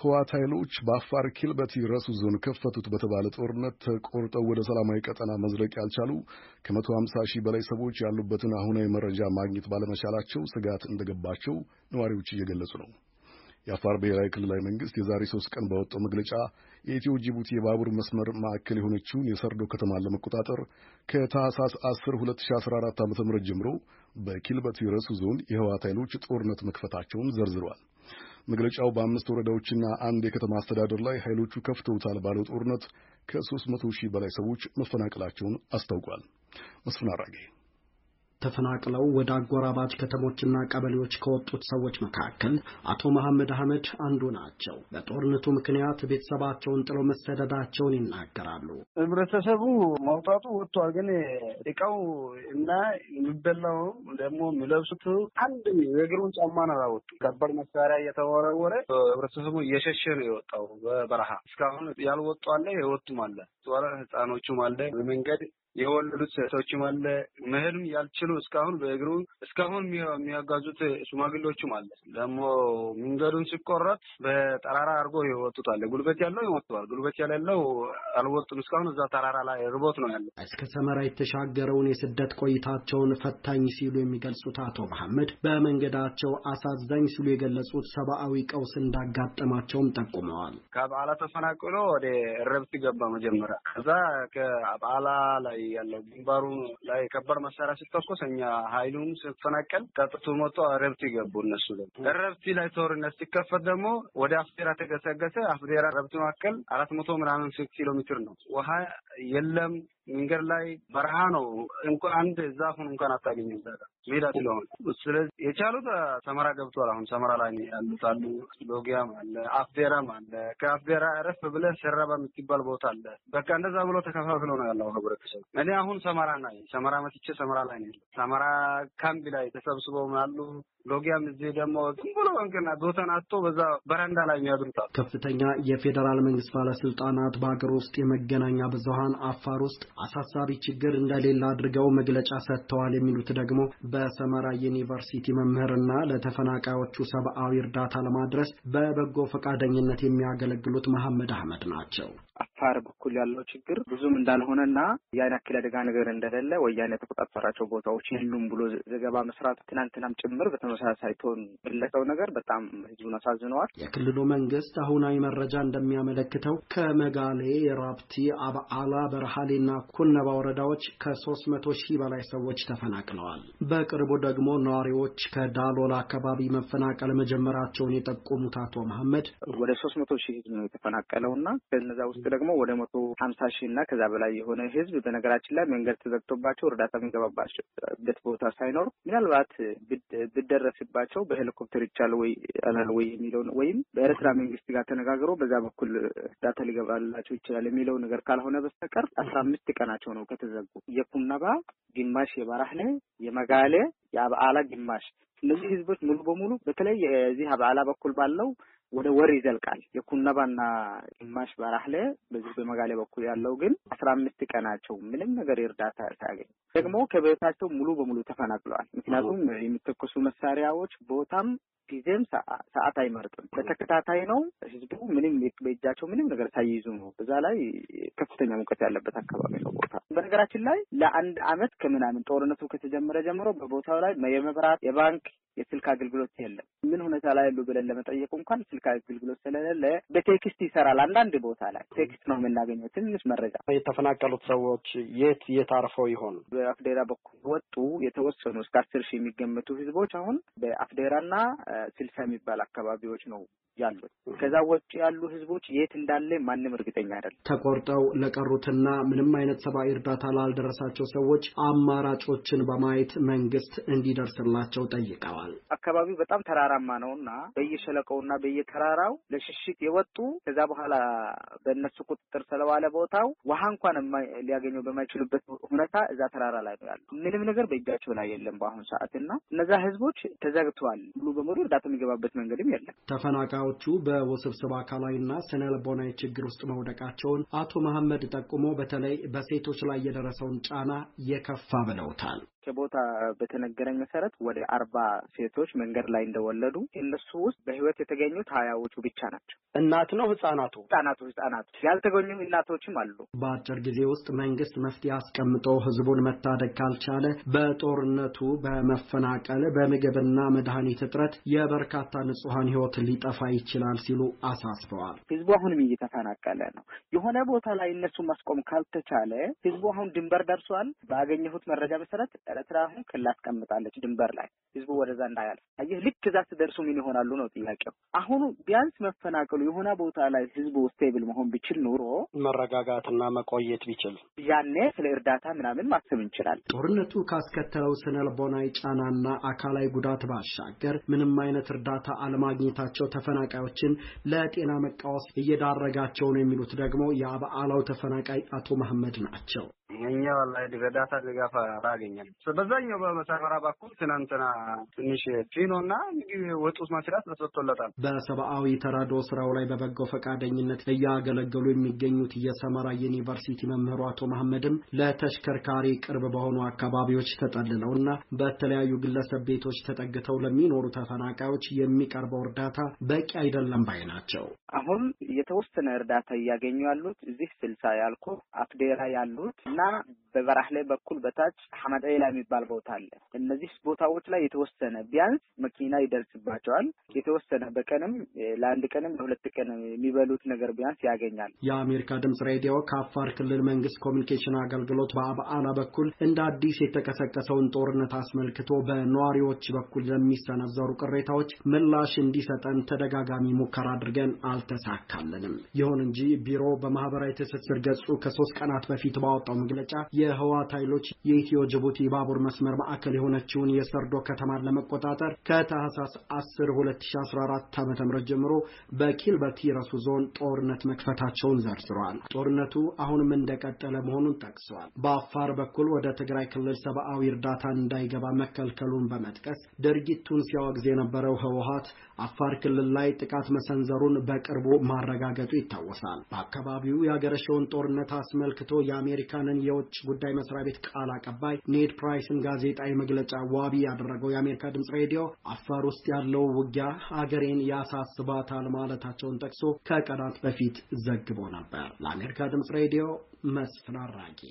የህዋት ኃይሎች በአፋር ኪልበቲ ረሱ ዞን ከፈቱት በተባለ ጦርነት ተቆርጠው ወደ ሰላማዊ ቀጠና መዝለቅ ያልቻሉ ከ150 ሺህ በላይ ሰዎች ያሉበትን አሁናዊ መረጃ ማግኘት ባለመቻላቸው ስጋት እንደገባቸው ነዋሪዎች እየገለጹ ነው። የአፋር ብሔራዊ ክልላዊ መንግስት የዛሬ ሶስት ቀን ባወጣው መግለጫ የኢትዮ ጅቡቲ የባቡር መስመር ማዕከል የሆነችውን የሰርዶ ከተማን ለመቆጣጠር ከታህሳስ 10 2014 ዓ ም ጀምሮ በኪልበት ረሱ ዞን የህወሓት ኃይሎች ጦርነት መክፈታቸውን ዘርዝሯል። መግለጫው በአምስት ወረዳዎችና አንድ የከተማ አስተዳደር ላይ ኃይሎቹ ከፍተውታል ባለው ጦርነት ከ300 ሺህ በላይ ሰዎች መፈናቀላቸውን አስታውቋል። መስፍን አራጌ ተፈናቅለው ወደ አጎራባች ከተሞችና ቀበሌዎች ከወጡት ሰዎች መካከል አቶ መሐመድ አህመድ አንዱ ናቸው። በጦርነቱ ምክንያት ቤተሰባቸውን ጥለው መሰደዳቸውን ይናገራሉ። ህብረተሰቡ መውጣቱ ወጥቷል፣ ግን እቃው እና የሚበላው ደግሞ የሚለብሱት አንድ የእግሩን ነው አላወጡ። ከባድ መሳሪያ እየተወረወረ ህብረተሰቡ እየሸሸ ነው የወጣው በበረሃ። እስካሁን ያልወጡ አለ የወጡም አለ፣ ህጻኖቹም አለ በመንገድ የወለዱት ሴቶችም አለ። መሄድም ያልችሉ እስካሁን በእግሩ እስካሁን የሚያጋዙት ሽማግሌዎችም አለ። ደግሞ መንገዱን ሲቆረጥ በጠራራ አድርጎ የወጡት አለ። ጉልበት ያለው ይወጥተዋል፣ ጉልበት የሌለው አልወጡም። እስካሁን እዛ ተራራ ላይ ርቦት ነው ያለ። እስከ ሰመራ የተሻገረውን የስደት ቆይታቸውን ፈታኝ ሲሉ የሚገልጹት አቶ መሐመድ በመንገዳቸው አሳዛኝ ሲሉ የገለጹት ሰብአዊ ቀውስ እንዳጋጠማቸውም ጠቁመዋል። ከበዓላ ተፈናቅሎ ወደ ረብት ገባ መጀመሪያ ከዛ ከበዓላ ላይ ያለው ግንባሩ ላይ ከባድ መሳሪያ ሲተኮስ እኛ ሀይሉን ስፈናቀል ቀጥቱ መቶ ረብቲ ገቡ። እነሱ ደግሞ ረብቲ ላይ ተወርነት ሲከፈት ደግሞ ወደ አፍዴራ ተገሰገሰ። አፍዴራ ረብቲ መካከል አራት መቶ ምናምን ኪሎ ሜትር ነው ውሃ የለም መንገድ ላይ በረሃ ነው። እንኳ አንድ ዛፉን እንኳን አታገኝም ሜዳ ስለሆነ። ስለዚህ የቻሉት ሰመራ ገብቷል። አሁን ሰመራ ላይ ያሉት አሉ። ሎጊያም አለ፣ አፍዴራም አለ። ከአፍዴራ ረፍ ብለ ሸራባ የምትባል ቦታ አለ። በቃ እንደዛ ብሎ ተከፋፍሎ ነው ያለው ህብረተሰብ። እኔ አሁን ሰመራ ናይ ሰመራ መትቼ ሰመራ ላይ ነው ሰመራ ካምቢ ላይ ተሰብስበው አሉ። ሎጊያም እዚህ ደግሞ ዝም ብሎ እንቅና ቦታን አቶ በዛ በረንዳ ላይ የሚያድሩታል። ከፍተኛ የፌዴራል መንግስት ባለስልጣናት በሀገር ውስጥ የመገናኛ ብዙሀን አፋር ውስጥ አሳሳቢ ችግር እንደሌለ አድርገው መግለጫ ሰጥተዋል። የሚሉት ደግሞ በሰመራ ዩኒቨርሲቲ መምህርና ለተፈናቃዮቹ ሰብአዊ እርዳታ ለማድረስ በበጎ ፈቃደኝነት የሚያገለግሉት መሐመድ አህመድ ናቸው። አፋር በኩል ያለው ችግር ብዙም እንዳልሆነና ያን ያክል አደጋ ነገር እንደሌለ ወያኔ የተቆጣጠራቸው ቦታዎች የሉም ብሎ ዘገባ መስራት ትናንትናም ጭምር በተመሳሳይ ቶን የመለቀው ነገር በጣም ህዝቡን አሳዝነዋል። የክልሉ መንግስት አሁናዊ መረጃ እንደሚያመለክተው ከመጋሌ፣ ራፕቲ፣ አብዓላ፣ በረሃሌና ኩነባ ወረዳዎች ከ300 ሺህ በላይ ሰዎች ተፈናቅለዋል። በቅርቡ ደግሞ ነዋሪዎች ከዳሎል አካባቢ መፈናቀል መጀመራቸውን የጠቆሙት አቶ መሐመድ ወደ 300 ሺህ ህዝብ ነው የተፈናቀለው እና ከነዛ ውስጥ ደግሞ ወደ 150 ሺህ እና ከዛ በላይ የሆነ ህዝብ በነገራችን ላይ መንገድ ተዘግቶባቸው እርዳታ የሚገባባቸውበት ቦታ ሳይኖር ምናልባት ብደረስባቸው በሄሊኮፕተር ይቻል ወይ ወይ የሚለውን ወይም በኤርትራ መንግስት ጋር ተነጋግሮ በዛ በኩል እርዳታ ሊገባላቸው ይችላል የሚለው ነገር ካልሆነ በስተቀር አስራ አምስት ቀናቸው ነው ከተዘጉ የኩነባ ግማሽ፣ የበራህሌ፣ የመጋሌ፣ የአብዓላ ግማሽ እነዚህ ህዝቦች ሙሉ በሙሉ በተለይ የዚህ አብዓላ በኩል ባለው ወደ ወር ይዘልቃል። የኩነባና ግማሽ በራህለ በዚህ በመጋሌ በኩል ያለው ግን አስራ አምስት ቀናቸው ምንም ነገር እርዳታ ሳያገኝ ደግሞ ከቤታቸው ሙሉ በሙሉ ተፈናቅለዋል። ምክንያቱም የሚተኮሱ መሳሪያዎች ቦታም ጊዜም ሰዓት አይመርጥም። በተከታታይ ነው። ህዝቡ ምንም በእጃቸው ምንም ነገር ሳይይዙ ነው። በዛ ላይ ከፍተኛ ሙቀት ያለበት አካባቢ ነው ቦታ። በነገራችን ላይ ለአንድ አመት ከምናምን ጦርነቱ ከተጀመረ ጀምሮ በቦታው ላይ የመብራት የባንክ የስልክ አገልግሎት የለም። ምን ሁኔታ ላይ ያሉ ብለን ለመጠየቁ እንኳን ስልክ አገልግሎት ስለሌለ በቴክስት ይሰራል። አንዳንድ ቦታ ላይ ቴክስት ነው የምናገኘው ትንሽ መረጃ። የተፈናቀሉት ሰዎች የት የት አርፈው ይሆን? በአፍዴራ በኩል ወጡ የተወሰኑ እስከ አስር ሺህ የሚገመቱ ህዝቦች አሁን በአፍዴራና ስልሳ የሚባል አካባቢዎች ነው ያሉት። ከዛ ውጭ ያሉ ህዝቦች የት እንዳለ ማንም እርግጠኛ አይደለም። ተቆርጠው ለቀሩትና ምንም አይነት ሰብአዊ እርዳታ ላልደረሳቸው ሰዎች አማራጮችን በማየት መንግስት እንዲደርስላቸው ጠይቀዋል። አካባቢው በጣም ተራራማ ነው እና በየሸለቀው እና በየተራራው ለሽሽት የወጡ ከዛ በኋላ በእነሱ ቁጥጥር ስለዋለ ቦታው ውሃ እንኳን ሊያገኘው በማይችሉበት ሁኔታ እዛ ተራራ ላይ ነው ያሉ። ምንም ነገር በእጃቸው ላይ የለም በአሁኑ ሰዓት እና እነዛ ህዝቦች ተዘግተዋል። ሙሉ በሙሉ እርዳታ የሚገባበት መንገድም የለም። ተፈናቃዮቹ በውስብስብ አካላዊና ስነ ልቦናዊ ችግር ውስጥ መውደቃቸውን አቶ መሐመድ ጠቁሞ በተለይ በሴቶች ላይ የደረሰውን ጫና የከፋ ብለውታል። ቦታ በተነገረኝ መሰረት ወደ አርባ ሴቶች መንገድ ላይ እንደወለዱ እነሱ ውስጥ በህይወት የተገኙት ሀያዎቹ ብቻ ናቸው። እናት ነው ህጻናቱ ህጻናቱ ህጻናቱ ያልተገኙም እናቶችም አሉ። በአጭር ጊዜ ውስጥ መንግስት መፍትሄ አስቀምጦ ህዝቡን መታደግ ካልቻለ በጦርነቱ፣ በመፈናቀል፣ በምግብና መድኃኒት እጥረት የበርካታ ንጹሐን ህይወት ሊጠፋ ይችላል ሲሉ አሳስበዋል። ህዝቡ አሁንም እየተፈናቀለ ነው። የሆነ ቦታ ላይ እነሱ ማስቆም ካልተቻለ ህዝቡ አሁን ድንበር ደርሷል። ባገኘሁት መረጃ መሰረት ኤርትራ አሁን ክልል አስቀምጣለች ድንበር ላይ ህዝቡ ወደዛ እንዳያልፍ። አየህ ልክ እዛ ስደርሱ ምን ይሆናሉ ነው ጥያቄው። አሁኑ ቢያንስ መፈናቀሉ የሆነ ቦታ ላይ ህዝቡ ስቴብል መሆን ቢችል ኑሮ መረጋጋትና መቆየት ቢችል ያኔ ስለ እርዳታ ምናምን ማሰብ እንችላል። ጦርነቱ ካስከተለው ስነ ልቦናዊ ጫናና አካላዊ ጉዳት ባሻገር ምንም አይነት እርዳታ አለማግኘታቸው ተፈናቃዮችን ለጤና መቃወስ እየዳረጋቸው ነው የሚሉት ደግሞ የአበዓላው ተፈናቃይ አቶ መሐመድ ናቸው። እኛ ላይ እርዳታ ድጋፍ አላገኘንም። በዛኛው በሰፈራ በኩል ትናንትና ትንሽ ፊኖ እና ምግብ ወጡ መስራት ተሰጥቶለታል። በሰብአዊ ተራድኦ ስራው ላይ በበጎ ፈቃደኝነት እያገለገሉ የሚገኙት የሰመራ ዩኒቨርሲቲ መምህሩ አቶ መሐመድም ለተሽከርካሪ ቅርብ በሆኑ አካባቢዎች ተጠልለው እና በተለያዩ ግለሰብ ቤቶች ተጠግተው ለሚኖሩ ተፈናቃዮች የሚቀርበው እርዳታ በቂ አይደለም ባይ ናቸው። አሁን የተወሰነ እርዳታ እያገኙ ያሉት እዚህ ስልሳ ያልኩ አፍዴራ ያሉት እና በበራህ ላይ በኩል በታች ሐመድ የሚባል ቦታ አለ። እነዚህ ቦታዎች ላይ የተወሰነ ቢያንስ መኪና ይደርስባቸዋል። የተወሰነ በቀንም ለአንድ ቀንም ለሁለት ቀን የሚበሉት ነገር ቢያንስ ያገኛል። የአሜሪካ ድምጽ ሬዲዮ ከአፋር ክልል መንግስት ኮሚኒኬሽን አገልግሎት በአብዓላ በኩል እንደ አዲስ የተቀሰቀሰውን ጦርነት አስመልክቶ በነዋሪዎች በኩል ለሚሰነዘሩ ቅሬታዎች ምላሽ እንዲሰጠን ተደጋጋሚ ሙከራ አድርገን አልተሳካልንም። ይሁን እንጂ ቢሮ በማህበራዊ ትስስር ገጹ ከሶስት ቀናት በፊት ባወጣው መግለጫ የህወሓት ኃይሎች የኢትዮ ጅቡቲ ባቡር መስመር ማዕከል የሆነችውን የሰርዶ ከተማን ለመቆጣጠር ከታህሳስ 10 2014 ዓ ም ጀምሮ በኪልበቲ ረሱ ዞን ጦርነት መክፈታቸውን ዘርዝረዋል። ጦርነቱ አሁንም እንደቀጠለ መሆኑን ጠቅሰዋል። በአፋር በኩል ወደ ትግራይ ክልል ሰብአዊ እርዳታ እንዳይገባ መከልከሉን በመጥቀስ ድርጊቱን ሲያወግዝ የነበረው ህወሓት አፋር ክልል ላይ ጥቃት መሰንዘሩን በቅርቡ ማረጋገጡ ይታወሳል። በአካባቢው የአገረሸውን ጦርነት አስመልክቶ የአሜሪካንን የብሪቴን የውጭ ጉዳይ መስሪያ ቤት ቃል አቀባይ ኔድ ፕራይስን ጋዜጣዊ መግለጫ ዋቢ ያደረገው የአሜሪካ ድምፅ ሬዲዮ አፋር ውስጥ ያለው ውጊያ አገሬን ያሳስባታል ማለታቸውን ጠቅሶ ከቀናት በፊት ዘግቦ ነበር። ለአሜሪካ ድምፅ ሬዲዮ መስፍን አራጌ